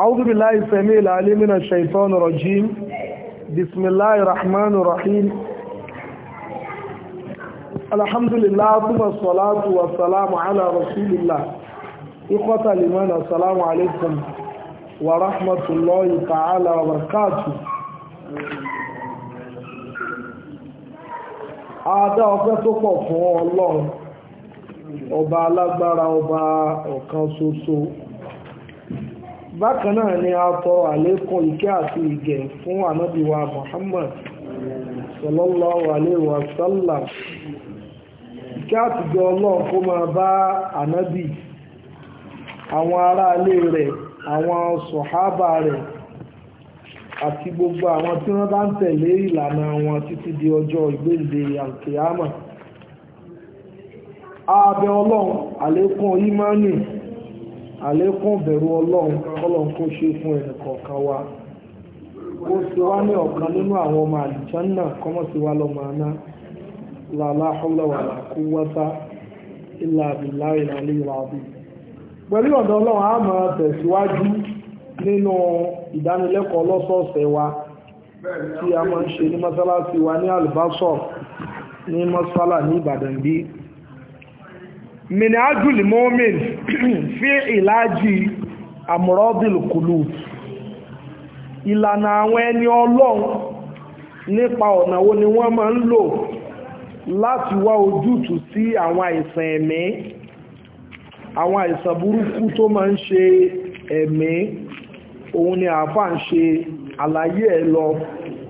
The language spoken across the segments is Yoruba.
أعوذ بالله السميع العليم من الشيطان الرجيم بسم الله الرحمن الرحيم الحمد لله ثم الصلاة والسلام على رسول الله إخوة الإيمان السلام عليكم ورحمة الله تعالى وبركاته Adá ọpẹ́ tó pọ̀ fún Ọlọ́run, ọba alágbára ọba ọ̀kan ṣoṣo. bákan náà ni a tọ àlékún ìké àti ìgẹ̀ fún ànábì wa Muhammad sallallahu alaihi wa ìké ìkẹ́ àtijọ́ ọlọ́ kó máa bá ànábì àwọn alé rẹ̀ àwọn sọ̀hábà rẹ̀ àti gbogbo àwọn tí wọ́n bá ń tẹ̀lé ìlànà àwọn títí di ọjọ́ ààbẹ̀ ọlọ́run àlékún àlékún bẹ̀rù ọlọ́run kọ́lọ́n kó ṣe fún ẹnì kọ̀ọ̀kan wa ó sì wá ní ọ̀kan nínú àwọn ọmọ àlìjánná kọ́mọ́ sí wa lọ́mọ aná làlá ọlọ́wà làkú wáta ilà àbìlá ìlàlẹ́ ìwà pẹ̀lú ọ̀dọ̀ ọlọ́run a máa tẹ̀síwájú nínú ìdánilẹ́kọ̀ọ́ lọ́sọ̀ọ̀sẹ̀ wa tí a máa ń ṣe wa ní àlùbásọ̀ ní mọ́sálà ní Ìbàdàn minajul mumin fi ìlàjì àmúrọ́dìl kùlù ìlànà àwọn ẹni ọlọ́run nípa ọ̀nà wo ni wọ́n máa ń lò láti wá ojútùú sí àwọn àìsàn ẹ̀mí àwọn àìsàn burúkú tó máa ń ṣe ẹ̀mí òun ni àáfà ń ṣe àlàyé ẹ̀ lọ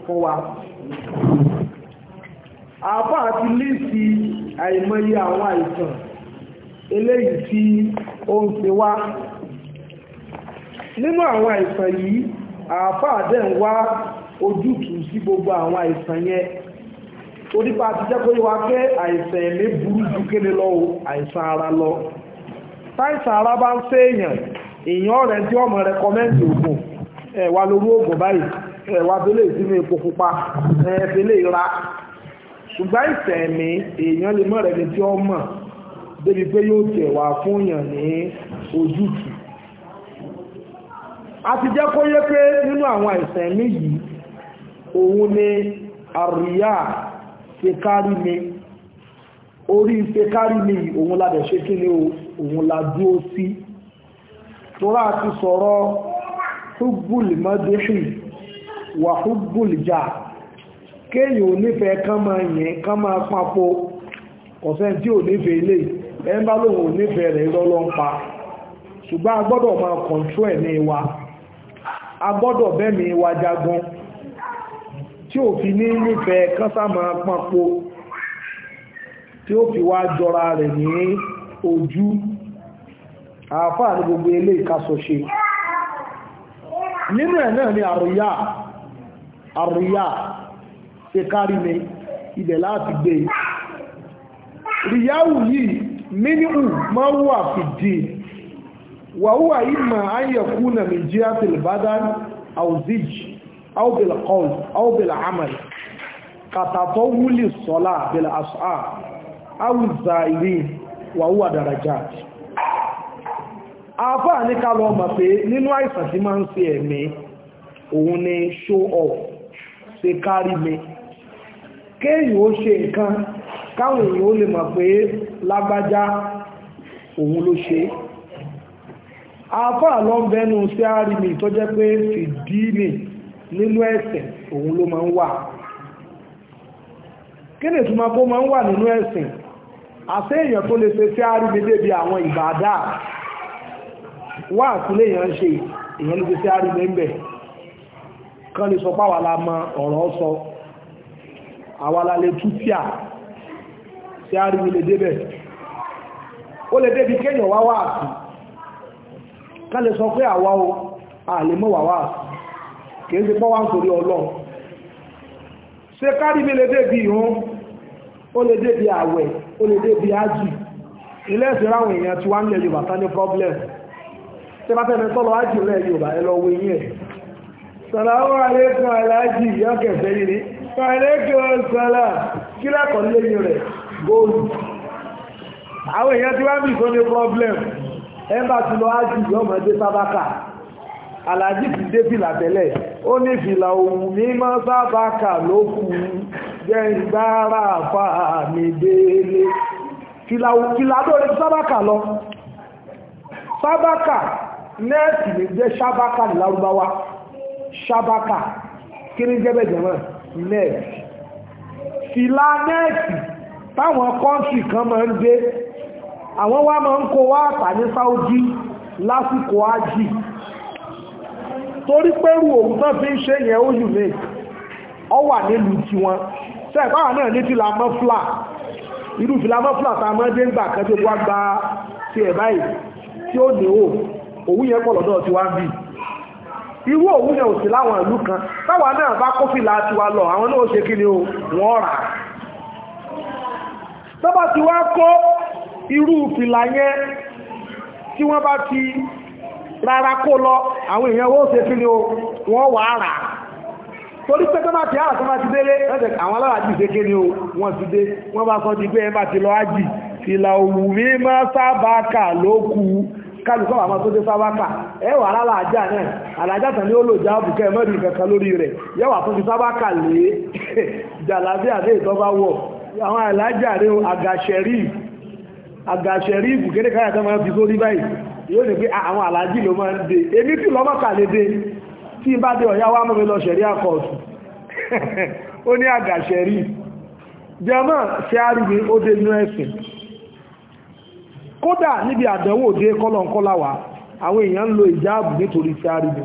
fún wa àáfà ti lé sí àìmọye àwọn eléyìí tí ó ń ṣe wá nínú àwọn àìsàn yìí àáfàá dẹ̀ ń wá ojútùú sí gbogbo àwọn àìsàn yẹn onípa ti jẹ́ kó yíwa pé àìsàn ẹ̀mí burú ju kéde lọ o àìsàn ara lọ táìsàn ara bá ń èèyàn èèyàn rẹ̀ tí ọmọ lórí báyìí epo pupa débi pé yóò tẹ̀ wá fún yàn ní ojútùú a ti jẹ́ kó yé pé nínú àwọn àìsàn ẹ̀mí yìí òun ni àríyá ṣekárí mi orí ṣekárí mi yìí òun la dẹ̀ ṣe kí ni òun la dúró sí torá ti sọ̀rọ̀ húgbùlì mọ́déṣì wà húgbùlì jà kéèyàn ò kán máa yẹn kán máa pápó ọ̀sẹ̀ tí ò nífẹ̀ẹ́ eléyìí ẹ ń bá lóun ò nífẹ̀ẹ́ rẹ̀ irọ́ ló ń pa ṣùgbọ́n a gbọ́dọ̀ máa kọ̀ǹtró ẹ̀mí wa a gbọ́dọ̀ bẹ́mi wa jagun tí ò fi ní nífẹ̀ẹ́ kánsá máa pọ́npo tí ó fi wá jọra rẹ̀ ní ojú àáfàá ní gbogbo ilé ìkásọ̀ṣe nínú ẹ̀ náà ni àrùyá àrùyá ṣe kárí mi ibẹ̀ láti gbé ríyáwù yìí mínú máa wà fìdí wàhúwà ìmà ayẹ̀kú na mìjíyà tìlbádán àwùzíj àwùbìlà kọl àwùbìlà amal kàtàtọ̀ wúlì sọ́lá bìlà àṣà àwùzà ìrí wàhúwà dàrájà àfáà ní ká lọ mọ̀ pé nínú àìsàn tí máa ń ṣe ẹ̀mí òun ni show off se kárí mi kéèyàn ó ṣe nǹkan káwọn èèyàn ó lè mọ̀ pé lágbájá òun ló ṣe àáfàá lọ bẹnu sí àrìmì tó jẹ́ pé fìdíìnì nínú ẹ̀sìn òun ló máa ń wà kí ni ìtumọ̀ kó máa ń wà nínú ẹ̀sìn àṣẹ èèyàn tó lè ṣe sí àrìmì débi àwọn ìbàdà wà àtúlẹ̀ èèyàn ń ṣe èèyàn ló sí àrìmì ń bẹ̀ kan lè sọ pàwàlà mọ ọ̀rọ̀ sọ àwàlà lè tú tí a rí ilé débẹ̀ ó lè débi kéèyàn wá wáàsí ká lè sọ pé o àlèmọ́ wà wáàsí kìí pọ́ wá ń torí ọlọ́run ṣe kárí mi lè débi ìrún ó lè débi àwẹ̀ ó lè débi ájì ilé ráwọn èèyàn tí wá ń Yorùbá tán ní problem tí bá fẹ́ẹ̀ ájì Yorùbá ẹ lọ wo ẹ̀ sàlàwọ́ alẹ́kùn aláàjì yìí ní sàlà góòlù àwọn èèyàn tí wọ́n bí tó ní problem ẹgbà tí lọ ájì yọmọdé sábákà alájì ti dé fìlà tẹ́lẹ̀ ó ní fìlà òun mímọ́ sábákà ló kù jẹ́ ìgbára fàmì délé fìlà lórí sábákà lọ sábákà nẹ́ẹ̀sì ní jẹ́ sábákà ní lárúbáwá sábákà kí ní jẹ́ bẹ̀jẹ̀ náà fìlà nẹ́ẹ̀sì táwọn kọ́ńtì kan máa ń àwọn wá máa ń kó wá àtà ní Saudi lásìkò ájì torí pẹ́rù òun tán fi ń ṣe yẹn ó yù mí ọ wà nílùú náà ní fìlà irú fìlà tá mọ́ dé ń gbà kan tó wá gba ti ẹ̀ òwú yẹn pọ̀ lọ́dọ̀ tí bì irú yẹn ò sí láwọn ìlú kan náà bá lọ àwọn náà ó ṣe kí rà tọ́bà ti wá kó irú fìlà yẹn tí wọ́n bá ti rárá kó lọ àwọn èèyàn wọ́n ṣe fílẹ̀ wọ́n wà rà torí pé tọ́bà ti àrà tọ́bà ti délé àwọn alára jì ṣe kéde o wọ́n ti dé wọ́n bá sọ di pé ẹ bá ti lọ ájì fìlà òwú mi máa sábà kà ló kù kálùkọ́ àwọn tó dé àwọn alájàre àgàṣẹ̀rí àgàṣẹ̀rí ìbùkẹ́rẹ́ káyà tó máa fi sórí báyìí yóò ní pé àwọn alájì ló máa ń dé èmi tí lọ́mọ́ kàlédé tí bá dé ọ̀yá wá mọ́mi lọ ṣẹ̀rí àkọ̀ọ̀tù ó ní àgàṣẹ̀rí jẹ́mọ́ sí àríwé ó dé inú ẹ̀sìn kódà níbi àdánwò dé kọ́lọ̀ńkọ́lá àwọn èèyàn ń lo ìjáàbù nítorí sí àríwé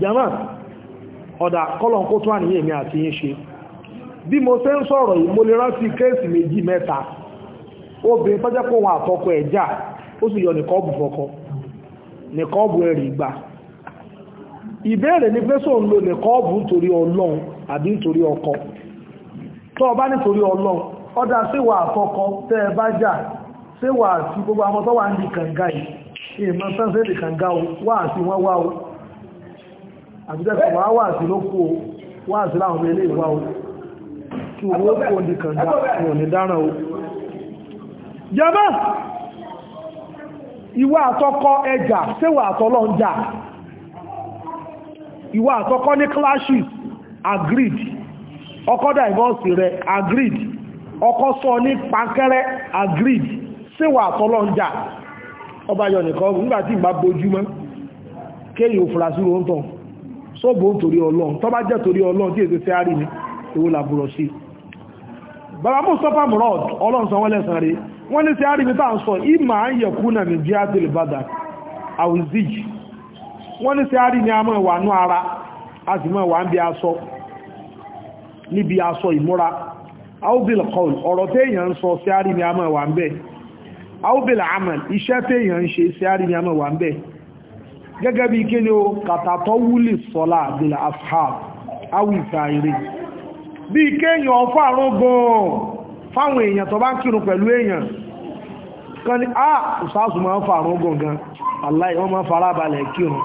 jẹ́mọ́ ọ̀dà kọ́lọ̀ńkó tó àníyàn mi àti yín ṣe bí mo ṣe ń sọ̀rọ̀ yìí mo lè rántí kéèsì méjì mẹ́ta obìnrin tó jẹ́ yọ nìkọ́ọ̀bù fọkọ nìkọ́ọ̀bù ẹ̀rì gbà ìbéèrè ni pé sóun lo nìkọ́ọ̀bù nítorí ọlọ́run àbí ọkọ tó nítorí ọlọ́run síwà tẹ́ ẹ bá gbogbo àwọn tó wà ń di kànga yìí ìmọ̀ kànga o wá àti wọ́n wá o kọ̀ wá wá àti o wá àti láwọn ilé ìwá tí owó kò ní kànga wọn ní dáràn o jẹmọ́ ìwà àtọkọ ẹjà síwà àtọlọ ń jà ìwà àtọkọ ní clashes agreed ọkọ divorce rẹ agreed ọkọ sọ ní pankẹrẹ agreed síwà àtọlọ ń jà ọba yọ nìkan nígbàtí ìgbà kéyìn ló ń tàn sọ́bọ̀ ń torí ọlọ́run tọ́bá jẹ́ torí ọlọ́run tí ni èwo bàbá mustapha murad ọlọ́nsọ̀wọ́lẹ́sàn rí wọ́n ní sí àríbi tá à ń sọ ìmà ń yẹ kú nà ní jíátìlì bàdà àwùzíj wọ́n ní sí àrí ni a mọ̀ wà ní ara a sì mọ̀ wà ń bí aṣọ níbi aṣọ ìmúra áwùbìlì kọl ọ̀rọ̀ téèyàn ń sọ sí àrí ni a bí kéèyàn fàárún gan fáwọn èèyàn tó bá ń kírun pẹ̀lú èèyàn kan ní à ìsáàsù máa ń fàárún gan gan aláì wọ́n máa fara balẹ̀ kírun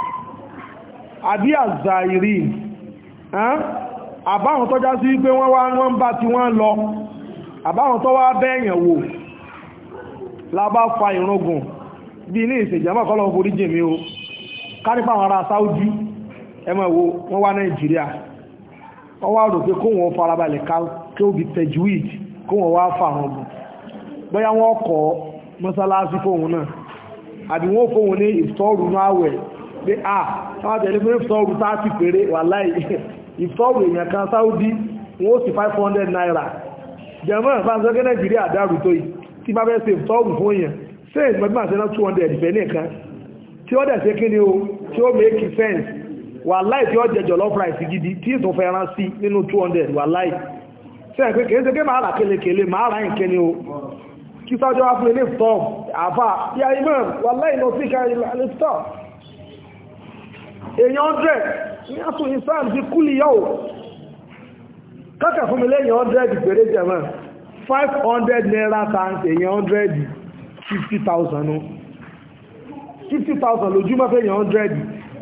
àbí àzàìrí àbáwọn tó já sí pé wọ́n wá wọ́n bá ti wọ́n lọ àbáwọn tó wá bẹ́ẹ̀yàn wò lábá fa ìrọgùn bí ní ìsèjàmọ́ kọ́lọ̀ forí jèmi o kárípà àwọn ará Saudi ẹ wọ́n wá Nàìjíríà wọ́n wá rò pé kó wọ́n farabalẹ̀ ká kí ó bí tajwid kó wọ́n wá fà wọn bù bóyá wọ́n kọ́ mọ́sálásí fóun náà àbí wọ́n fóun ní ìfọ́rù náà wẹ̀ pé à wọ́n tẹ̀lé fún ìfọ́rù sáàtì péré wàláì ìfọ́rù èèyàn kan sáúdí wọ́n ó sì 500 naira jẹ́mọ́ ìfáàsọ́gẹ́ nàìjíríà dárù tó yìí tí bá bẹ́ẹ̀ ṣe ìfọ́rù fún èèyàn ṣe ìgbẹ́gbẹ́ àṣẹ náà 200 ìfẹ́ nìkan tí ó dẹ̀ ṣe kí ni o tí ó make sense wàláì tí ó jẹjọ lọ́fà ìsì gidi tí ètò fẹ́ràn sí nínú 200 wàláì sẹ́yìn pé kèése pé máa rà kelekele máa rà ìkẹ́ ni o kí sájọ́ wá fún ilé ìtọ́ àfà ya imam wàláì lọ sí ká ilé ìtọ́ èèyàn 100 ní àtò islam ti kú lìyọ́ o kọ́kà fún mi lẹ́yìn 100 péré jẹ̀mọ́ 500 naira times èèyàn 100 50,000 50,000 lójúmọ́ fẹ́yìn 100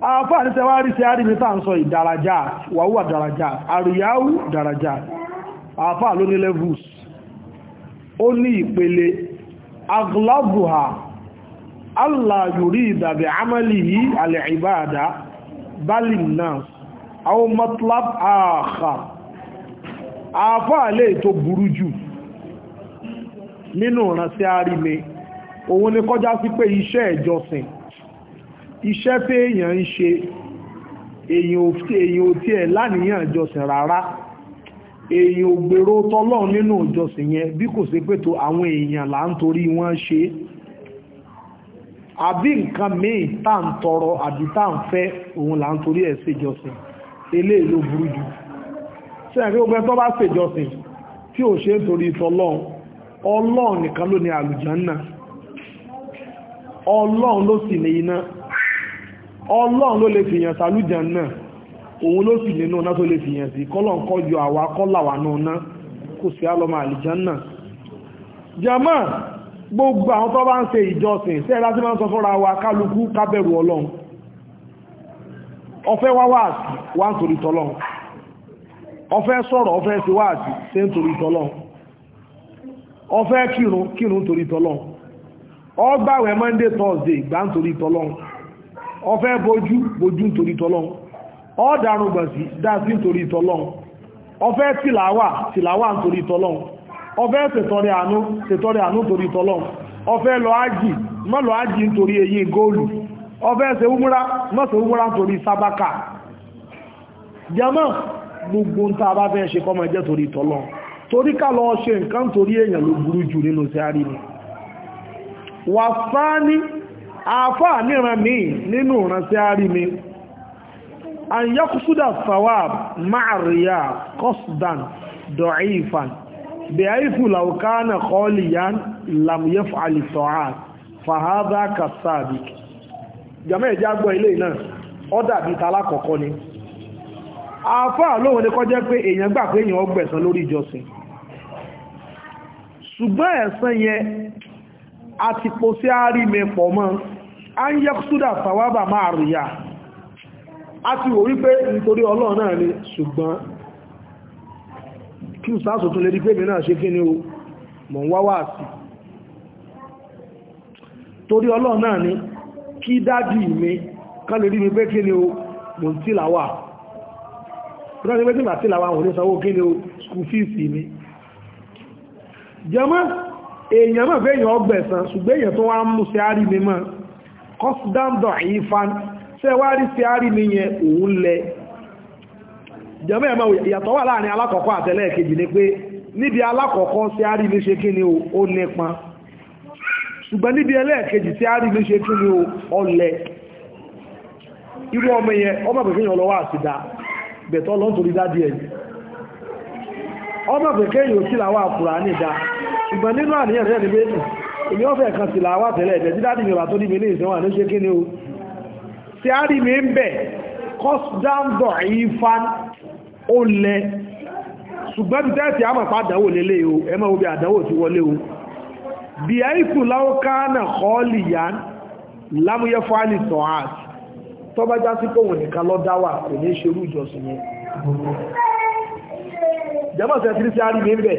àfáà ní tẹwàá rí sí àrími tàà ń sọ ìdàràjá wàhúwà dàràjá àríyáwú dàràjá àfáà ló ní levels ó ní ìpele aglabuha allah ìdàbẹ̀ amali yìí alẹ̀ ìbáadá balin náà àwọn matlab iṣẹ́ téèyàn ń ṣe èyàn ò tí ẹ̀ láníyàn ìjọsìn rárá èyàn ò gbèrò tọ́lọ́run nínú ìjọsìn yẹn bí kò sí pé tó àwọn èèyàn là ń torí wọ́n ṣe àbí nǹkan míì tá à ń tọrọ àbí tá à ń fẹ́ òun là ń torí ẹ̀ ṣèjọsìn eléyìí ló burú jù sẹ́yìn pé gbogbo ẹ̀ tó bá ṣèjọsìn tí ò ṣe ń torí tọ́lọ́run ọlọ́run nìkan ló ní àlùjànnà ọlọ́run ló sì ní iná ọlọ́run ló lè fìyàn sálùjàn náà òun ló sì lè náà tó lè fìyàn sí kọ́lọ̀ ń àwa náà ná kò sí náà jama gbogbo àwọn tó bá ń se ìjọsìn sí ẹ̀dá tí wọ́n sọ fọ́ra wa kálukú kábẹ̀rù ọlọ́run ọfẹ́ wá wá ń torí tọ́lọ́run ọfẹ́ sọ̀rọ̀ ọfẹ́ sí sí ń ọfẹ́ bojú bojú nítorí tọ́lọ́n ọ̀dàrún gbàsí dáàsí nítorí tọ́lọ́n ọfẹ́ tìlàwà tìlàwà nítorí tọ́lọ́n ọfẹ́ ṣètọrẹ àánú ṣètọrẹ àánú nítorí tọ́lọ́n ọfẹ́ lọ ájì má lọ ájì nítorí eyi góòlù ọfẹ́ ṣe wúmúra má ṣe wúmúra nítorí sábàkà jẹmọ́ gbogbo ń ni àáfàá níran míì nínú ìránṣẹ́ àárí mi àyọkùsúdà sawab máàríyà kọ́sùdàn dọ̀ífàn bẹ̀ẹ́fù làwùkánà kọ́ọ̀lìyàn làmúyẹ́fù àlìsọ̀hán fàhádà kàtàbíkì jàmẹ́ ìjà gbọ́ ilé náà ó dàbí tàlá kọ̀ọ̀kọ́ ni àáfàá lóhun ni kọ́ pé èèyàn gbà pé èèyàn ọgbẹ̀sán lórí ìjọsìn ṣùgbọ́n ẹ̀san yẹn àti pò sí àrími pọ̀ mọ́ a ń yẹ́kúsúdà tàwábà máa ya, a ti wò wípé nítorí ọlọ́run náà ni ṣùgbọ́n kí ìsáàsù tún lè rí pé mi náà ṣe kí ni o mọ̀ ń wáwá sí torí ọlọ́run náà ni kí mi kán lè rí ni o mọ̀ ń tìlàwà tilawa o skul mi èèyàn náà fẹ́yàn ọgbẹ̀sán ṣùgbẹ́ èèyàn tó wá ń mú sí àrí mi mọ́ kọ́sídáńdọ̀ ìfan sẹ́wárí sí àrí mi yẹn òun lẹ jẹ́mọ́ ìyàtọ̀ wà láàrin alákọ̀ọ́kọ́ àtẹ́lẹ́ẹ̀kejì ni pé ni ó nípa ṣùgbọ́n níbi ẹlẹ́ẹ̀kejì sí mi ni ó lẹ irú ọmọ yẹn ọmọ pẹ̀kẹ́ yẹn lọ́wọ́ bẹ̀tọ́ lọ́ntorí ọmọ yẹn ò sí làwọn àkùrà ní ṣùgbọ́n nínú àníyàn rẹ̀ ní pé èmi ọ̀fẹ́ kan sì làwà tẹ́lẹ̀ ẹ̀jẹ̀ dídá nìyàn bá tó níbi ilé ìsìn wà ní ṣe kí ni o tí a rí mi ń bẹ̀ kọ́sdáńdọ̀ ìfà ó lẹ ṣùgbọ́n bí tẹ́ẹ̀sì àmọ̀ pa àdánwò lélẹ̀ o ẹ mọ́ bí àdánwò ti wọlé o bí àìkù láwọ́kánà kọ́ọ̀lì yá lámúyẹ́ já sí kóhùn nìkan lọ dáwà kò ní sí àrí mi ń bẹ̀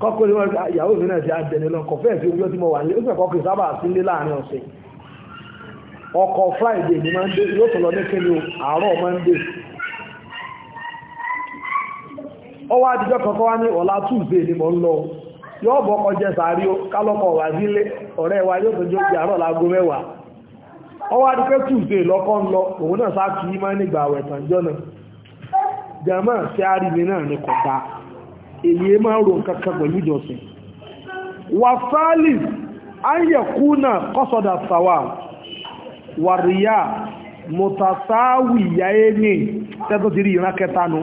kọ́kọ́ ní wọ́n ìyàwó mi náà ti àjẹni lọ kọ̀fẹ́ ẹ̀fẹ́ ojú tí mo wà ní ó fẹ́kọ́ kì sábà sí ilé láàrin ọ̀sẹ̀ ọkọ̀ friday yóò ní kí ni àárọ̀ monday ọwọ́ àtijọ́ kọ̀kọ́ wá ní ọ̀la tuesday ni mo ń lọ yóò bọ́ ọkọ̀ jẹ sàárì ó ọ̀rẹ́ wa yóò tọ́jú àárọ̀ mẹ́wàá èyí máa rò kankan pẹ̀lú ìjọsìn wà ayẹ̀kúnà kọ́sọ̀dà sàwà wàríyà mọ̀tàsáwì yáyé ní tẹ́tọ́ ti rí ìran kẹta nu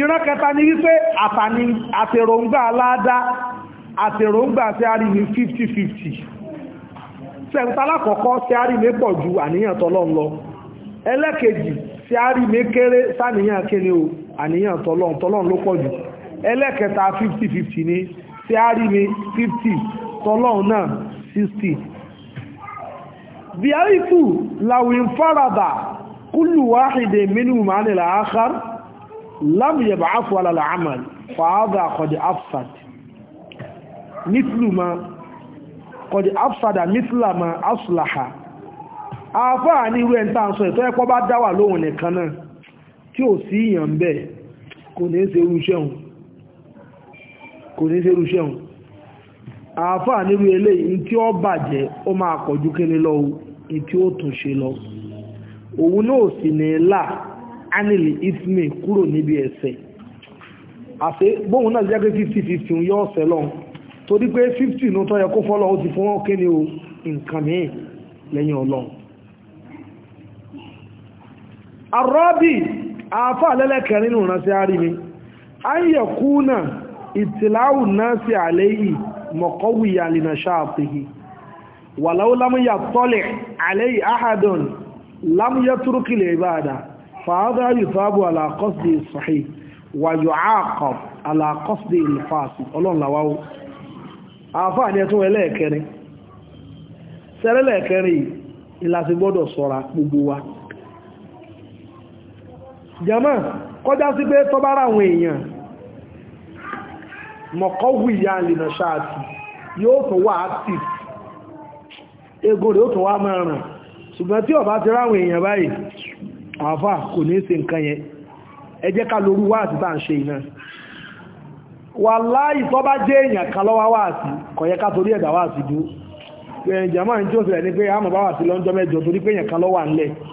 ìran kẹta ni wípé àtàní àtẹ̀rọ̀ǹgbà aládá àtẹ̀rọ̀ǹgbà tí a rí ní 50-50 sẹ̀ǹtà alákọ̀ọ́kọ́ tí a rí pọ̀ ju àníyàn tọ́lọ́ lọ tí a rí kéré sáníyàn kéré o àníyàn tọlọ́run tọlọ́run ló pọ̀ jù ẹlẹ́kẹta fifty 50. ni tí a rí mi fifty tọlọ́run náà sixty. bíárìkù làwìn fárada kúlù wáhìdè mínú màálì làákàr lámìyẹ̀bà àfọwàlà làámàl fàádà kọ̀dì afsad nífìlùmọ́ kọ̀dì afsada nífìlùmọ́ asùlàhà àfáà ní irú ẹ̀ ń tàn sọ ìtọ́ ẹ̀kọ́ bá dáwà lóhun nìkan náà tí ò sí ìyàn bẹ́ẹ̀ kò ní ṣe irúṣẹ́ òun kò ní ṣe irúṣẹ́ òun àáfàá nírú eléyìí tí ó bàjẹ́ ó máa kọjú kíni lọ ní tí ó tún ṣe lọ òun náà sì ní là ánìlì ismi kúrò níbi ẹ̀ṣẹ̀ àṣẹ bóun náà jẹ́ pé fifty fifty ń yọ lọ torí pé fifty ló tọ́ yẹ kó fọ́lọ́ ó ti fún wọn kíni o nǹkan mìíràn lẹ́yìn ọlọ́run. arọ́bì àáfà lẹ́lẹ́kẹ̀ẹ́ nínú ìránṣẹ́ àrí mi a ń yẹ kú náà ìtìláwù náà sí àléyìí mọ̀kọ́wìyà lìnà ṣáàtìhì wà láwú lámúyà tọ́lẹ̀ àléyìí ahadun lámúyà túrúkìlẹ̀ ìbáadà fàádà yùtàbù alákọ́sìdì sahih wà yọ àkọ́ alákọ́sìdì ìfàsì ọlọ́nlàwáwó àáfà sọ́ra gbogbo wa jẹ́mọ́ kọjá sí pé tọ́ bára àwọn èèyàn mọ̀kọ́wù ìyá lìnà ṣáàtì yóò tún wà áàtì egun rẹ̀ ó tún wà máa ràn tí ọba ti ráwọn èèyàn báyìí àfà kò ní ṣe nǹkan yẹn ẹ jẹ́ ká lórí bá ń ṣe iná jẹ́ èèyàn lọ́wọ́ yẹ ká torí wà sí lọ́jọ́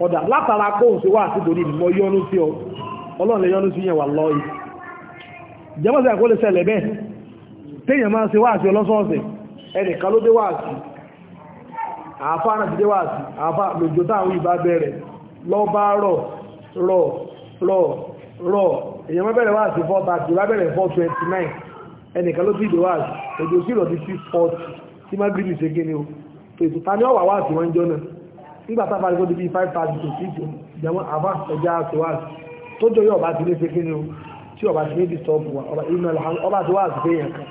ọ̀dà látara kóhùn sí wà sí torí mọ́ yọ́nú sí ọ ọlọ́run lè yọ́nú sí yẹn wà lọ́ọ̀yì jẹ́mọ́sẹ̀ àkó lè ṣẹlẹ̀ bẹ́ẹ̀ téèyàn máa ń ṣe wáàsí ọlọ́sọ̀ọ̀sẹ̀ ẹnìkan ló dé wáàsí àáfà náà ti dé wáàsí àáfà lòjò táwọn ìbá bẹ̀rẹ̀ lọ bá rọ̀ rọ̀ rọ̀ rọ̀ èèyàn má bẹ̀rẹ̀ wáàsí 430 ìbá bẹ̀rẹ̀ 429 ẹnìkan ló ti dé wáàsí òjò sí ìrọ̀ di 640 tí má gírí ìṣègbè ni ó tòṣù ta ni ọ̀wà wáàsí wọn jọ náà nígbà tá a bá rí kó di bíi five thousand to six ìjẹun àbá ẹja àti wá tó jọ yóò bá ti lé ṣe kí ni o tí ọba ti ní dìstọ́ọ̀bù wa ọba ti wá àtúgbé yẹn kan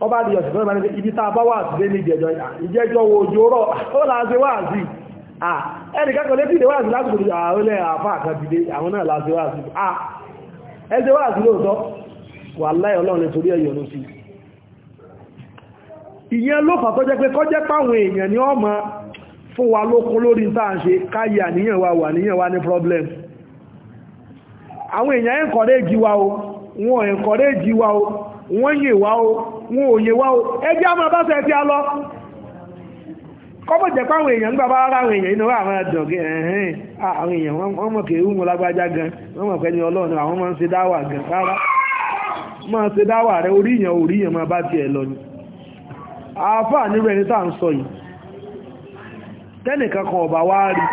ọba di ọ̀sẹ̀ fẹ́rẹ̀ mẹ́rin ibi tá a bá wà àtúgbé ní ìjẹjọ ìjẹjọ wo ojú rọ̀ ó là á ṣe wá àti ẹnì kẹ́kọ̀ọ́ létí ìdè wá àti lásìkò ní àárẹ̀ àfà àkàdìdé àwọn náà láti wá àti ẹ̀ṣẹ̀ wá àti lóòótọ́ wà láì ọlọ́run ní torí ẹ̀yọ̀ lóṣì ìyẹn ló fà tó jẹ́ pé kọ́jẹ́ páwọn èèyàn ni ọmọ fún wa lókún lórí ṣe káyì àníyàn wa wà níyàn ní problem àwọn èèyàn encourage wa o wọn wa o wọ́n yè wa o wa o ẹjẹ́ bá a lọ kọ́mọ̀ jẹ́ pàwọn èèyàn gbà bá ara àwọn èèyàn inú àwọn ẹ̀hìn àwọn èèyàn wọ́n mọ̀ lágbájá gan wọ́n mọ̀ àwọn ń dáwà gan rárá dáwà orí orí máa bá lọ ni àáfà nírú ẹni tá à tẹ́nìkan kan ọba wá rí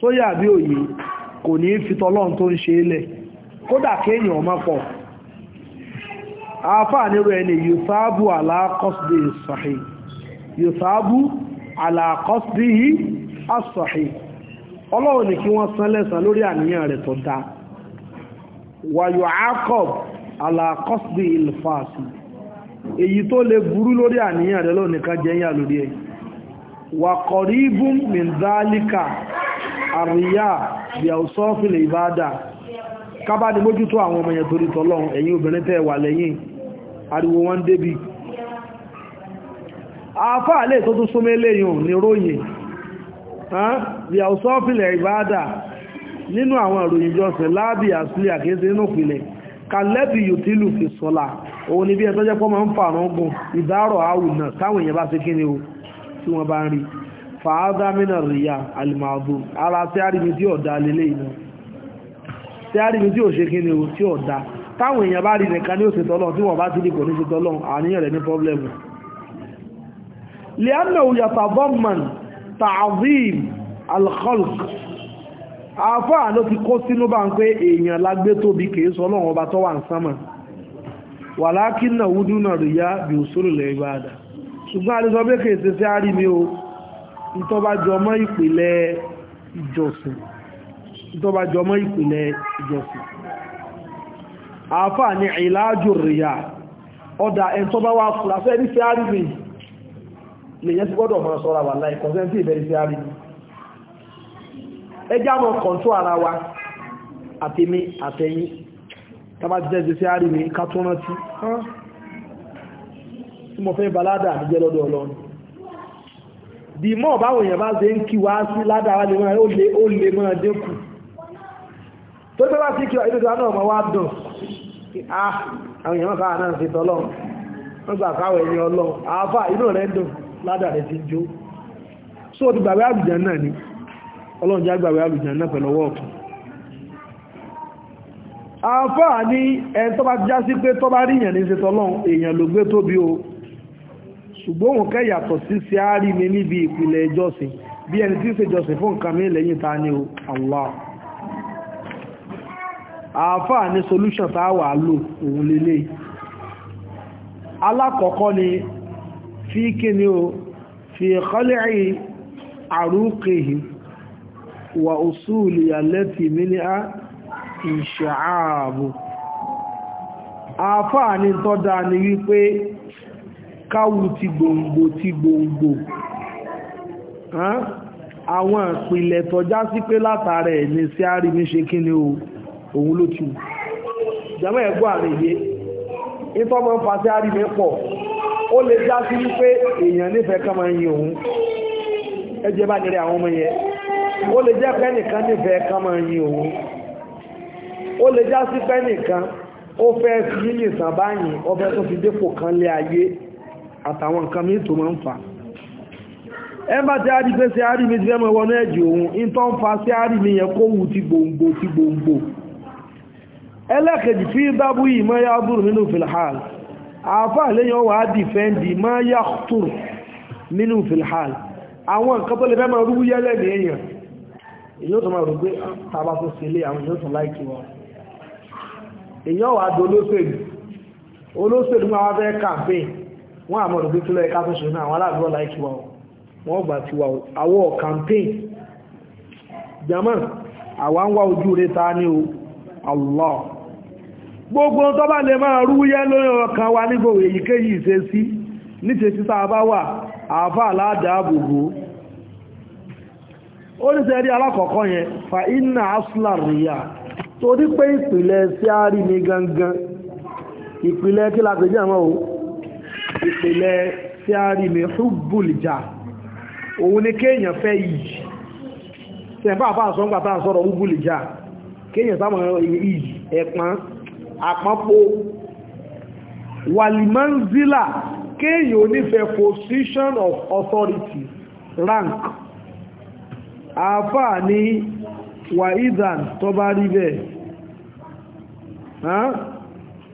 sóyà bí òye kò ní fi tọ́lọ́n tó ń ṣe ilẹ̀ lẹ̀ kódà ọmọ pọ̀ àáfàá nírú ẹni yòtáàbù aláàkọ́sìdì sọ̀hì asọ̀hì ọlọ́run ní kí wọ́n san lẹ́san lórí àníyàn rẹ̀ tó dáa akọ́b èyí tó lè burú lórí àníyàn rẹ̀ وقريب من ذلك الرياء بأوصاف العبادة kábà ní mójútó àwọn ọmọ yẹn torí tọ́lọ́run ẹ̀yin obìnrin tẹ́ wà lẹ́yìn ariwo wọn débi àáfàá lè tó tún súnmọ́ eléyìn ní ròyìn bí àwùsọ́fìlẹ̀ ìbáadà nínú àwọn ìròyìn jọsẹ̀ láàbì àsílẹ̀ àkéésí nínú ìpìlẹ̀ kalẹ́bì yòtílù fi sọ́la òun ni bí ẹ tọ́jẹ́ pọ́ máa ń fàrán gùn ìdárọ̀ àwùnà táwọn èèyàn bá ṣe kí ni o tí wọ́n bá ń rí fàáza mínà ríyà alìmọ̀ọ́bù ara tí a rí mi tí ọ̀dà lélẹ̀ iná tí a rí mi tí ò ṣe kí ni o tí ọ̀dà táwọn èèyàn bá rí nìkan ní òṣètò ọlọ́run tí wọ́n bá ti dìbò ní òṣètò ọlọ́run àníyàn rẹ̀ ní pọ́blẹ́mù lẹ́nà òyàtà bọ́mọ̀n tààzìm alkhalq àfáà ló ti kó sínú bá ń pé èèyàn lágbé tóbi kìí sọ ọlọ́run ọba tó ń sánmà wàlákínà wúdúnà ríyá bí òṣòrò lẹ́gbàá dáa ṣùgbọ́n alẹ́sọ pé kìí ṣe sí àárí mi o ìtọ́bájọ ọmọ ìpìlẹ̀ ìjọsìn ìtọ́bájọ ọmọ ìpìlẹ̀ ìjọsìn àáfàá ní ìlàájò rìyà ọ̀dà ẹ̀ntọ́bá wá fúlàfẹ́ ní sí àárí mi lèyẹn ti gbọ́dọ̀ máa sọ́ra wà láì kọ̀sẹ́ntì ìbẹ̀rẹ̀ sí àárí mi ẹjá mọ̀ kọ̀ntó ara wa àtèmi àtẹ̀yìn tábàjẹ́ sí àárí mi ká tó rántí tí mo fẹ́ balada àbíjẹ́ lọ́dọ̀ ọlọ́run bí mọ́ báwọn èèyàn bá ṣe ń kí wá sí ládàá lè máa ó lè máa dínkù tó tó bá sí kí ọ̀rẹ́ ìdíjọ́ náà máa wá dùn á ah, àwọn èèyàn káà náà ṣe tọ́lọ́run wọ́n gbà káwọ̀ ẹ̀yìn ọlọ́run àáfà inú rẹ̀ dùn ládàá ti ni ọlọ́run já gbàwé àlùjànnà náà pẹ̀lú sí pé tó ríyàn ní ṣe tọ́lọ́run èèyàn ló gbé tóbi o ṣùgbọ́n òun kẹ́ yàtọ̀ sí sí àárí mi níbi ìpìlẹ̀ ìjọsìn bí ẹni tí ń ṣe jọsìn fún nǹkan mi lẹ́yìn ta ni o Allah àáfàá ní solution tá a wà lò òun lélẹ̀ alákọ̀ọ́kọ́ ni fi kíni o fi kọ́lẹ́rì àrùkèhì wà òsùlù yàlẹ́tì mi ní a ìṣàáàbò àáfàá ní tọ́ da ni wípé káwù ti gbòǹgbò ti gbòǹgbò àwọn ìpìlẹ̀ tọ́já sí pé látara ẹ̀ ní sí àrí mi ṣe kí ni o òun ló ti jẹ́mọ́ ẹ̀gbọ́ àrẹ̀yẹ ìtọ́mọ́ ń fa sí àrí mi pọ̀ ó lè já sí wípé èèyàn nífẹ̀ẹ́ kan máa ń yin òun ẹjẹ́ bá nílẹ̀ àwọn ọmọ yẹn ó lè jẹ́ pẹ́nìkan nífẹ̀ẹ́ kan máa ń yin òun ó lè já sí pẹ́nìkan ó fẹ́ fi yíyìn sàbáyìn ó fẹ́ tó fi dépò kan lé ayé àtàwọn nǹkan mí tó máa ń fà ẹgbà tí a rí pé sí àrí mi ti fẹ́mọ̀ wọnú ẹ̀jì òun in ń fa sí àrí mi yẹn kó ti gbòǹgbò ti gbòǹgbò ẹlẹ́kẹ̀jì fi dábú yìí mọ́ yá búrú nínú filhal àáfà lẹ́yìn wà á dìfẹ́ǹdì mọ́ yá tùr nínú filhal àwọn nǹkan tó lè fẹ́ máa rúbú yẹ́lẹ̀ ní èèyàn èyàn tó máa rò pé tàbá tó sílé àwọn èyàn tó láìkí wọn èyàn wà á do olóṣèlú olóṣèlú máa wá fẹ́ kàmpéyìn wọ́n àmọ́ òdòdó tó lọ́yẹ káfẹ́ ṣùgbọ́n àwọn láìkí wa wọ́n gbà ti wà campaign jama àwa ojú rẹ̀ ta o Allah gbogbo tó bá lè máa rúyẹ́ lórí ọkàn wa nígbòwò èyíkéyìí ìṣesí níṣe sí sáà wà àáfà aládàábòbò ó ní sẹ́rí alákọ̀ọ́kọ́ yẹn fa iná ríyà torí pé gangan ìpìlẹ̀ kí la pè jẹ́ ìpìlẹ̀ tí a rí mi ṣùgbùlìjà òun ni kéèyàn fẹ́ yìí tẹ̀fà àfà àsọ́ngbà tàà sọ́rọ̀ ṣùgbùlìjà kéèyàn sáwọn yìí ẹ̀pán àpapọ̀ walimanzila kéèyàn onífẹ́ position of authority rank àfà ní wàídàn tó bá rí bẹ́ẹ̀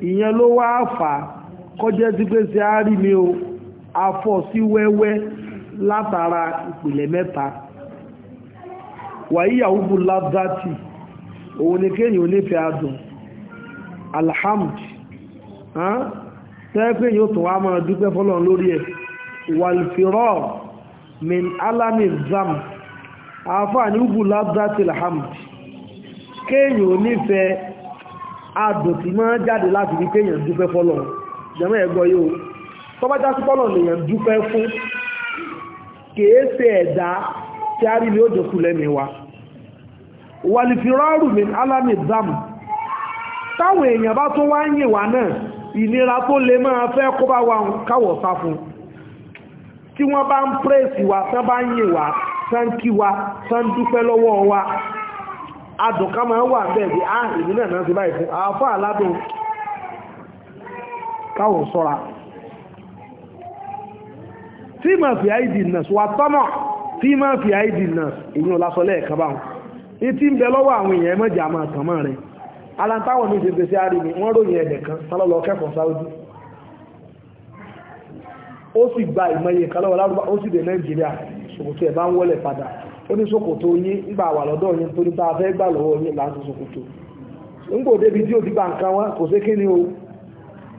ìyẹn ló wá fàá kọjá sí pé ṣe á rí mi o afọ́ sí wẹ́wẹ́ látara ìpìlẹ̀ mẹ́ta wàyí yahubu lazati òun ni kéèyàn onífẹ́ adùn alhamd tẹ́ẹ̀pẹ́ yóò tún wá máa dúpẹ́ fọ́lọ́run lórí ẹ̀ wàlfìrọ́ min alami zam àfáà ní ubu lazati alhamd kéèyàn onífẹ́ adùn tí máa jáde láti rí kéèyàn dúpẹ́ fọ́lọ́run jẹ́mọ́ ẹ̀gbọ́ yóò tọ́bájá sí pọ́lọ̀ lèyàn dúpẹ́ fún kèése ẹ̀dá tí a rí ní òjò kulẹ̀ mi wa wàlìfìrọ́rù mi alámi dam táwọn èèyàn bá tún wá ń yìn wá náà ìnira tó lè máa fẹ́ kó bá wa káwọ̀ sá fún tí wọ́n bá ń pírèsì wa tán bá ń yìn wá tán kí wa tán dúpẹ́ lọ́wọ́ wa adùn máa wà bẹ́ẹ̀ bí ah ìdílé náà ti báyìí fún àáfà aládùn káwọn sọ́ra tí ma fi àìdì nọ̀s wà tọ́mọ̀ tí ma fi àìdì nọ̀s èyàn lásọ lẹ́ẹ̀kan báwọn ní tí ń bẹ lọ́wọ́ àwọn èèyàn mọ́jà máa tàn rẹ̀ alantáwọn ní ìṣẹ́gbẹ́ sí àárín wọ́n ròyìn ẹ̀dẹ̀ kan sálọ́lọ́ kẹ́kọ̀ọ́ sáwọ́dí ó sì gba ìmọ̀ye kalọ́wọ́ ó sì dé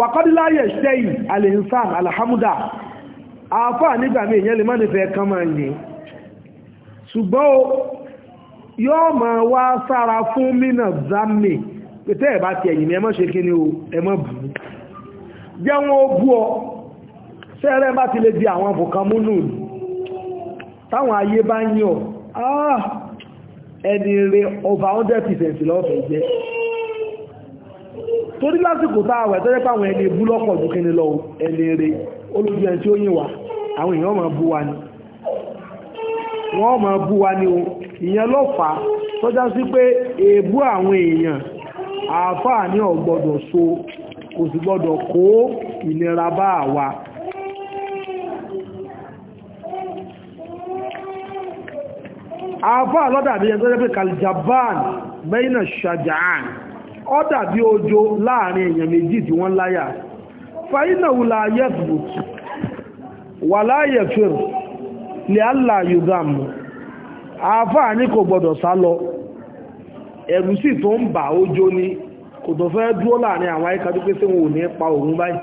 wàkọ́díláyẹ̀ ṣẹ́yìn alìhìnsán alhamdá àáfà nígbàmí èyàn lè má nífẹ̀ẹ́ kan máa yìn ṣùgbọ́n yóò ma wá sára fún mínà zami pẹ̀tẹ́ ẹ̀bá ti ẹ̀yìn ẹmọ́ ṣe kí ni o ẹmọ́ bù ú jẹ́ wọn ó bú ọ sẹ́rẹ́ bá ti lè di àwọn bùkánmúnù táwọn torí lásìkò tá àwẹ̀ tó jẹ́ pé àwọn ẹni ebú lọ́pọ̀ ju kí ni lọ ẹni eré olójú ẹni tí ó yìn wá àwọn èèyàn máa bú wa ni wọ́n máa bú wa ni o ìyẹn ló fà á tọ́já sí pé èébú àwọn èèyàn àáfàá ní ọ̀gbọ́dọ̀ so kò sì gbọ́dọ̀ kó ìnira bá àwa àáfàá lọ́dà bí ẹni tó jẹ́ pé kalijaban bẹ́yìn náà ṣàjáàn ọ dàbí ojo láàrin èèyàn méjì tí wọ́n láyà fàyínà wùlà yẹ́fù wà láàyè fìr lè àlà yugam àáfàá ní kò gbọdọ̀ sá lọ ẹ̀rù sì tó ń bà ojo ni kò tó fẹ́ dúró láàrin àwọn ayíkadú pé sẹ́wọ̀n ò ní pa òun báyìí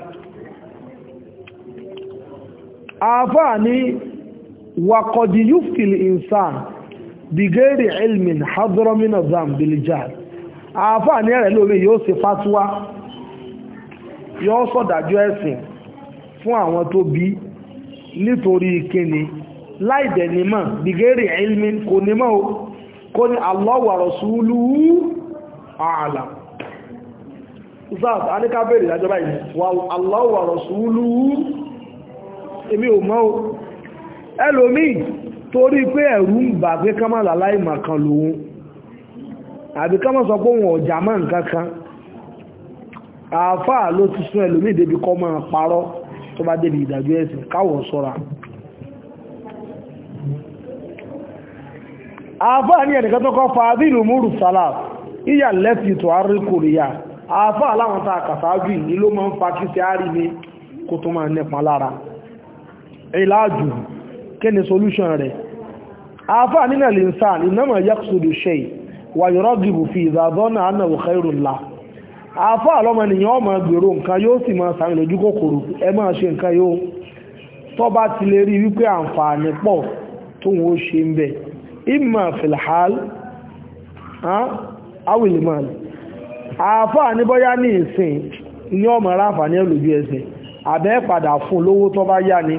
àáfàá ní wakọ̀dí yúfìlì ìnsàn bìgẹ́rì ilmin hadrọ́mìnà zambìlì jáde àáfàá ní ẹ̀rẹ̀ lómi yóò ṣe fátúwá yóò sọ̀dájọ́ ẹ̀sìn fún àwọn tó bí nítorí kíni láìdẹ̀ nímọ̀ bìgẹ́rì ilmi kò nímọ̀ o kò ní Allah wa rasuluhu a'lam zaf aníkábèrè ìdájọba yìí wà Allah wa rasuluhu èmi ò mọ̀ o ẹlòmíì torí pé ẹ̀rù ń bà àbí ká má sọ pé wọn ọ̀jà máa nǹkan kan àáfàá ló ti sún ẹlòmíì débi kọ́ máa parọ́ tó bá débi ìdájọ́ ẹ̀sìn káwọ̀ sọ́ra àáfàá ní ẹnìkan tó kọ́ fa abílù múrù sálà ìyà lẹ́fì tó árí kòríyà àáfàá láwọn tá a kàfáájú ìní ló máa ń fa kí sí árí ni kó tó máa nípa lára ìlàjù kí ni solution rẹ̀ àáfàá nínà lè ń sáà ìnámọ̀ yẹ́kùsùdù ṣe wàyọ̀rọ̀gìbù fi ìzàdọ́nà ànàwò kẹrù ńlá àfọ́ àlọ́mọnìyàn ọmọ gbèrò nǹkan yóò sì máa sàmì lójú kòkòrò ẹ máa ṣe nǹkan yóò tọ́ bá ti lè rí wípé àǹfààní pọ̀ tóun ó ṣe ń bẹ̀ ìmọ̀ filhal awilman àfọ́ àníbọ́yá ní ìsìn ní ọmọ ráǹfààní ẹlòjú ẹsẹ̀ àbẹ́ padà fún lówó tọ́ bá yá ni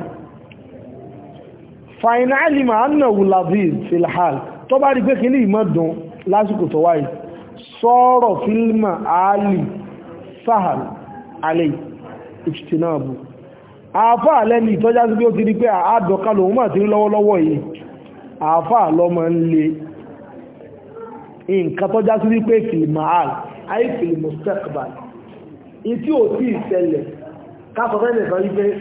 fainali ma annahu laziz filhal tọ́ bá rí pé kí ní ìmọ̀ dùn lásìkò tó wáyé sọ́rọ̀ fílmà àálì sahal alẹ́ ìtìtìnàbù àáfà lẹ́ni ìtọ́já sí bí ó ti rí pé àádọ́ká lòun máa ti rí lọ́wọ́lọ́wọ́ yìí àáfà lọ́mọ ń le nǹkan tọ́já sí wípé fìlìmà àl ayé fìlìmù sẹ́kbàl ìtí ò tí ìṣẹ̀lẹ̀ káàkó fẹ́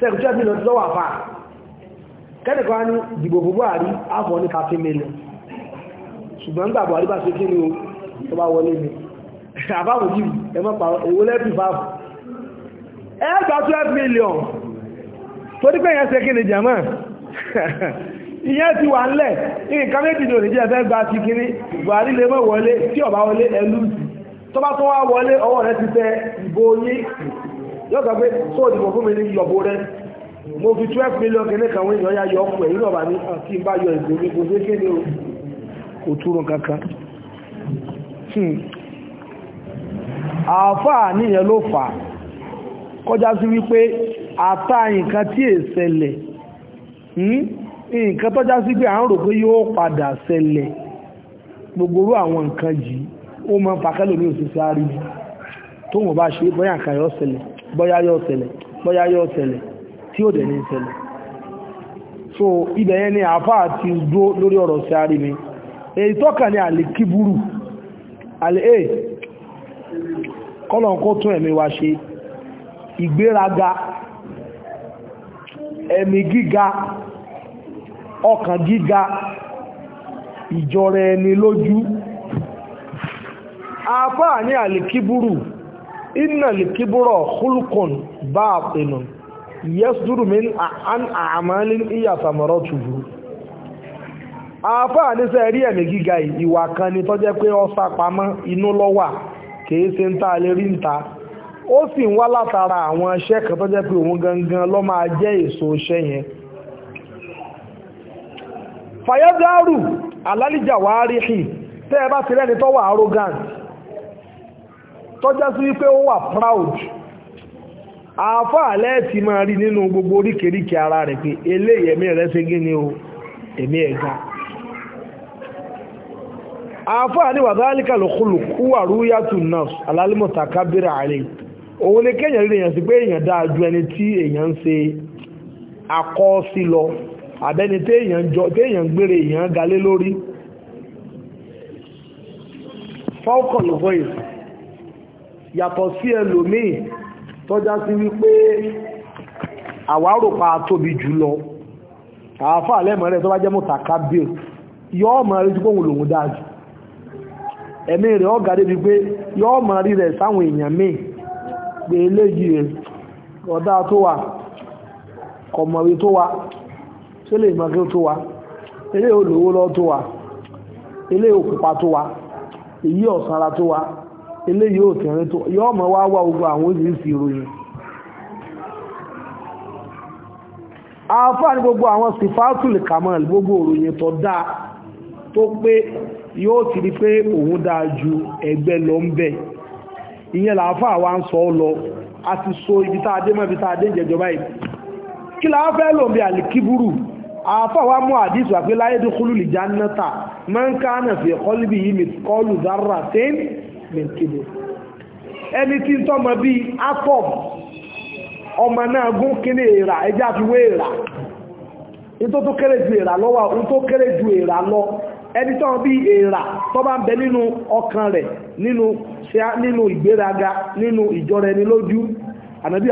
sẹ́kùtúrẹ́ mílíọ̀n ti lọ́wọ́ àfà kẹ́nìkan wá ní dìbò fún Buhari àfọ̀ ní kàfí mílíọ̀n ṣùgbọ́n nígbà Buhari bá ṣe kí ni o tó bá wọlé ni àbáwò yìí ẹ mọ́ pa owó lẹ́bí fáfù twelve million torí pé yẹn ṣe kí ni jẹ̀mọ́ ìyẹn ti wà ńlẹ̀ nǹkan méjì ni òníjẹ́ fẹ́ gba ti kiri Buhari lè mọ́ wọlé tí ó bá wọlé ẹlú tó bá tó wá wọlé ọwọ́ rẹ ti tẹ ìbò yín yóò sọ pé tó òdìbò fún mi ní yọ̀bù rẹ mo fi twelve million kìíní kan wọ́n yọ̀ ya yọ ọkùn ẹ̀yìn náà bá ní ah, kí n bá yọ ìgbò mi kò déédéé ní kò túrò kankan hmm. àáfàá níyẹn ló fà á kọjá sí wípé àtà nǹkan tí è ṣẹlẹ̀ hmm, nǹkan tọ́já sí pé à ń rò pé yóò padà ṣẹlẹ̀ gbogbooru àwọn nǹkan yìí ó máa ń fa òṣìṣẹ́ àárín tó wọ́n bá ṣe bóyá nǹkan yóò ṣẹlẹ̀ bọ́yá yóò ṣẹlẹ̀ yóò tí ó dẹ̀ ní so ibẹ̀ yẹn ni àáfàá ti dúró lórí ọ̀rọ̀ sí ari mi èyí tọ́ka ni àlè kíburú àlè e tún ẹ̀mí wa ṣe ìgbéraga ẹ̀mí gíga ọkàn gíga ni àlè inna likibura hulkun baatinun yasduru min an a'malin iya samaratuhu àáfàá ní sẹ́ rí ẹ̀mí gíga ìwà kan ni tó jẹ́ pé ó sá pamọ́ inú ló wà kìí ṣe ń ta lè rí ń ta ó sì ń wá látara àwọn iṣẹ́ kan tó pé òun gangan ló máa jẹ́ èso iṣẹ́ yẹn fàyẹ́dárù alálìjà wàá hì tẹ́ bá ti rẹ́ni tó arrogant tọ́já sí wípé ó wà proud àáfàá lẹ́ẹ̀tì máa rí nínú gbogbo oríkèríkè ara rẹ̀ pé eléyìí ẹ̀mí rẹ̀ ṣe gíní o ẹ̀mí ẹ̀ga àáfàá ní wàdálíkà lòkulù kú àrúyàtù nurse alálìmọ̀tàkà bẹ̀rẹ̀ ààrẹ òun ni kéèyàn rí èèyàn sí pé èèyàn dáa ju ẹni tí èèyàn ń ṣe akọ́ sí lọ àbẹ́ni téèyàn gbére èèyàn galé lórí fọ́ọ̀kọ̀ yìí yàtọ̀ sí ẹlòmíì tọ́já sí wípé àwárùpa tóbi jùlọ àáfà lẹ́mọ̀ rẹ̀ tó bá jẹ́ mọ́tàkà bíl yọ́ mọ̀ rí tí kóhùn lòun dájú ẹ̀mí rẹ̀ ọ̀gá débi pé yọ́ mọ̀ rí rẹ̀ sáwọn èèyàn míì pé eléyìí rẹ̀ ọ̀dá tó wà kọ̀mọ̀wé tó wà sílẹ̀ ìmọ̀kí tó wà eléyìí olówó lọ́ tó wà eléyìí òkùpa tó wà èyí ọ̀sánra tó wà eléyìí ò tẹ̀rín tó yọ́ọ́ mọ̀ wá wá ogun àwọn oríṣiríṣi ìròyìn àáfàá ní gbogbo àwọn sifatul kamal gbogbo ìròyìn tó dáa tó pé yóò ti di pé òun dáa ju ẹgbẹ́ lọ ń bẹ̀ ìyẹn làáfàá wa ń sọ ọ́ lọ a ti so ibi tá a dé mọ́ ibi tá a dé ìjẹjọba yìí kí la fẹ́ lò bí àlìkíbúrú àáfàá wa mú àdìsù àpé láyé dúkúlù lìjà náà ta máa ń ká náà fi kọ́lù bí yìí mi kọ́lù dára tẹ́ni mẹ́kìlẹ̀ ẹni tí ń tọ́mọ bíi atom ọmọ náà gún kíní ẹjá fi wé ní ju lọ ní tó kéré ju lọ ẹni tọ́mọ bíi èèrà tó bá ń bẹ nínú ọkàn rẹ̀ nínú ìgbéraga nínú ìjọra ẹni lójú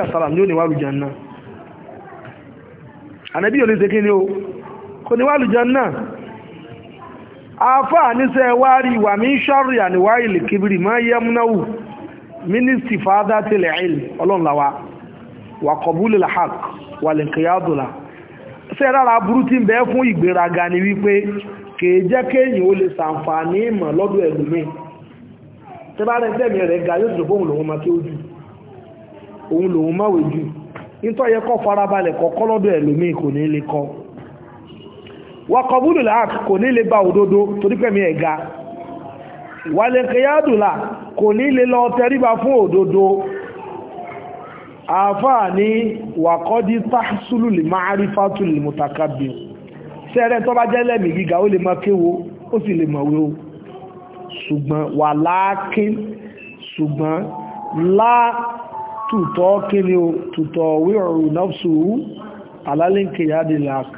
àsàrà ni ó ní ṣe kí ni kò ní afọ a wá wari wa mi ń ṣọ́rì àníwá ìlì kìbìrì ma yẹ múnáwù mínísítì fada tilẹ̀ ìlì ọlọ́run làwà wà kọ̀búlì làhàk wà bẹ fún ìgbéraga ni wípé kèé jẹ́ kéèyàn ó o le ìmọ̀ lọ́dọ̀ ẹlòmíì tẹ́ bá ga yóò dùnkóhùn lòun máa wakọ̀búlù láàk kò ní lè bá òdodo torí pẹ̀mí ẹ̀ga wàlẹ̀kẹ̀yàdùlà kò ní lè lọ tẹríba fún òdodo àáfàá ní wàkọ́dí tásùlù lè máa rí fátùlù lè mọ̀tàkà bí sẹ́rẹ́ tó bá jẹ́ lẹ́mìí gíga ó lè máa kéwo ó sì lè mọ̀wé o ṣùgbọ́n wà láàkín ṣùgbọ́n lá kí ni o tùtọ̀ wíọ̀rù náà sùúrù alálẹ́kẹ̀yàdùlà k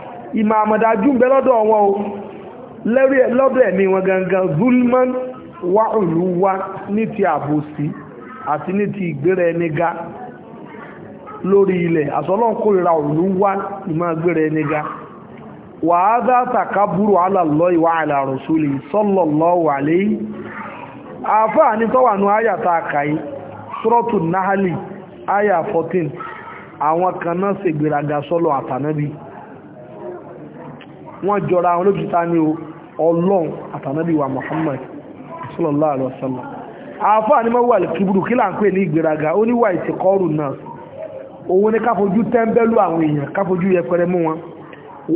Ima àmọ̀dájú ń bẹ lọ́dọ̀ wọn o lọ́dọ̀ ẹ̀mí wọn gangan zulman wà òlúwa ní ti àbòsí àti ní ti ìgbéra ẹni ga lórí ilẹ̀ àsọlọ́n kórìíra òlúwa ìmọ̀ ìgbéra ẹni ga wàhádà tàkàbúrò alàlọ́ ìwà àlàrọ̀sọ́lì sọ́lọ̀lọ́ wàlẹ́ àfáà ní tọ́wànú àyàtà àkàyí sọ́rọ̀tù náhálì àyà 14 àwọn kan náà ṣègbéraga sọ́lọ̀ àtànábì wọ́n jọra àwọn olóbìsí ní o ọlọ́run àtànábì wa Muhammad sallallahu alaihi wasallam àáfà ni wọ́n wà kíburú kí là ń pè ní ìgbéraga ó níwà ìtìkọ́rù náà òun ni káfojú tẹ́ńbẹ́lú àwọn èèyàn káfojú yẹpẹrẹ mú wọn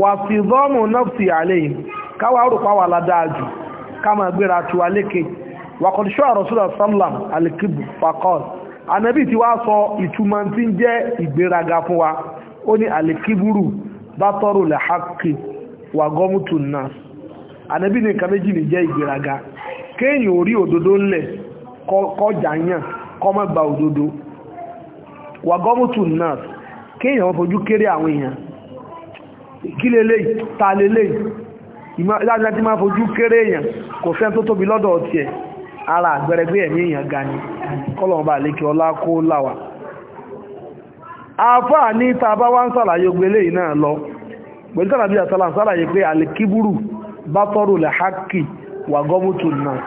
wà fi zọ́ọ̀mù nọ́ọ̀sì àlẹ́yìn káwà rùpá wà ládáàjù káàmà gbéra tí wà lékè wàkọ̀díṣọ́ àrọ̀sọ́lá sálàm alìkìbù fakọ́l anábì tí wá sọ ìtumọ̀ tí ń jẹ́ ìgbéraga fún wa ó ní alìkìbùrù bátọ́rù lẹ́hàkì wà gọ́mùtù náà ànábì ní nǹkan méjì ní ìgbéraga kéèyàn orí òdodo ńlẹ̀ yàn gba òdodo wà gọ́mùtù náà kéèyàn fojú kéré àwọn èèyàn kí leléyìí ta ma máa fojú kéré èèyàn kò fẹ́ tó tóbi lọ́dọ̀ tiẹ̀ ara àgbẹ̀rẹ̀gbẹ̀ ẹ̀mí èèyàn ga ni kọ́lọ̀ọ̀bá lékè ọlá kó láwà àfáà ní tàbá wá ń sàlàyé yìí náà lọ pẹ̀lú tàbí àtàlà sálàyé pé alikiburu bá tọ́rù lè hákì wà gọ́mùtù náà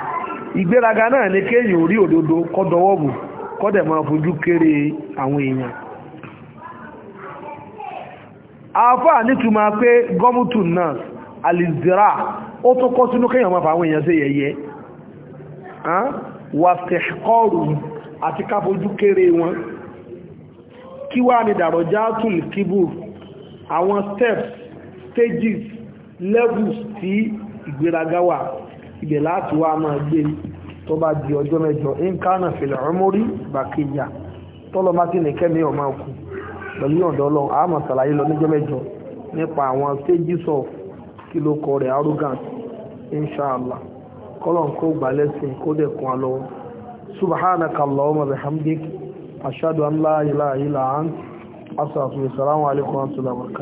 ìgbéraga náà ní kéèyàn orí òdodo kọ́dọwọ́bù kọ́dẹ̀ máa fojú kéré àwọn èèyàn àfà nítumọ̀ pé gọ́mùtù náà alizira ó tó kọ́ sínú kéèyàn máa fà àwọn èèyàn sí yẹ̀yẹ́ wà tẹ̀kọ́rù àti káfojú kéré wọn kí wá ní dàrọ̀já tún kíbù àwọn steps stages levels tí ìgbéraga wà ibẹ̀ láti wá máa gbé tó bá di ọjọ́ mẹ́jọ nkánà fìlẹ̀ ọmọrí bàkíyà tọ́lọ́mátì nìkẹ́ mi ọmọ ọkù pẹ̀lú ọ̀dọ́ ọlọ́run àmọ̀ sàlàyé lọ níjọ́ mẹ́jọ nípa àwọn stages of kí rẹ̀ arrogant kó gbà lẹ́sìn kó an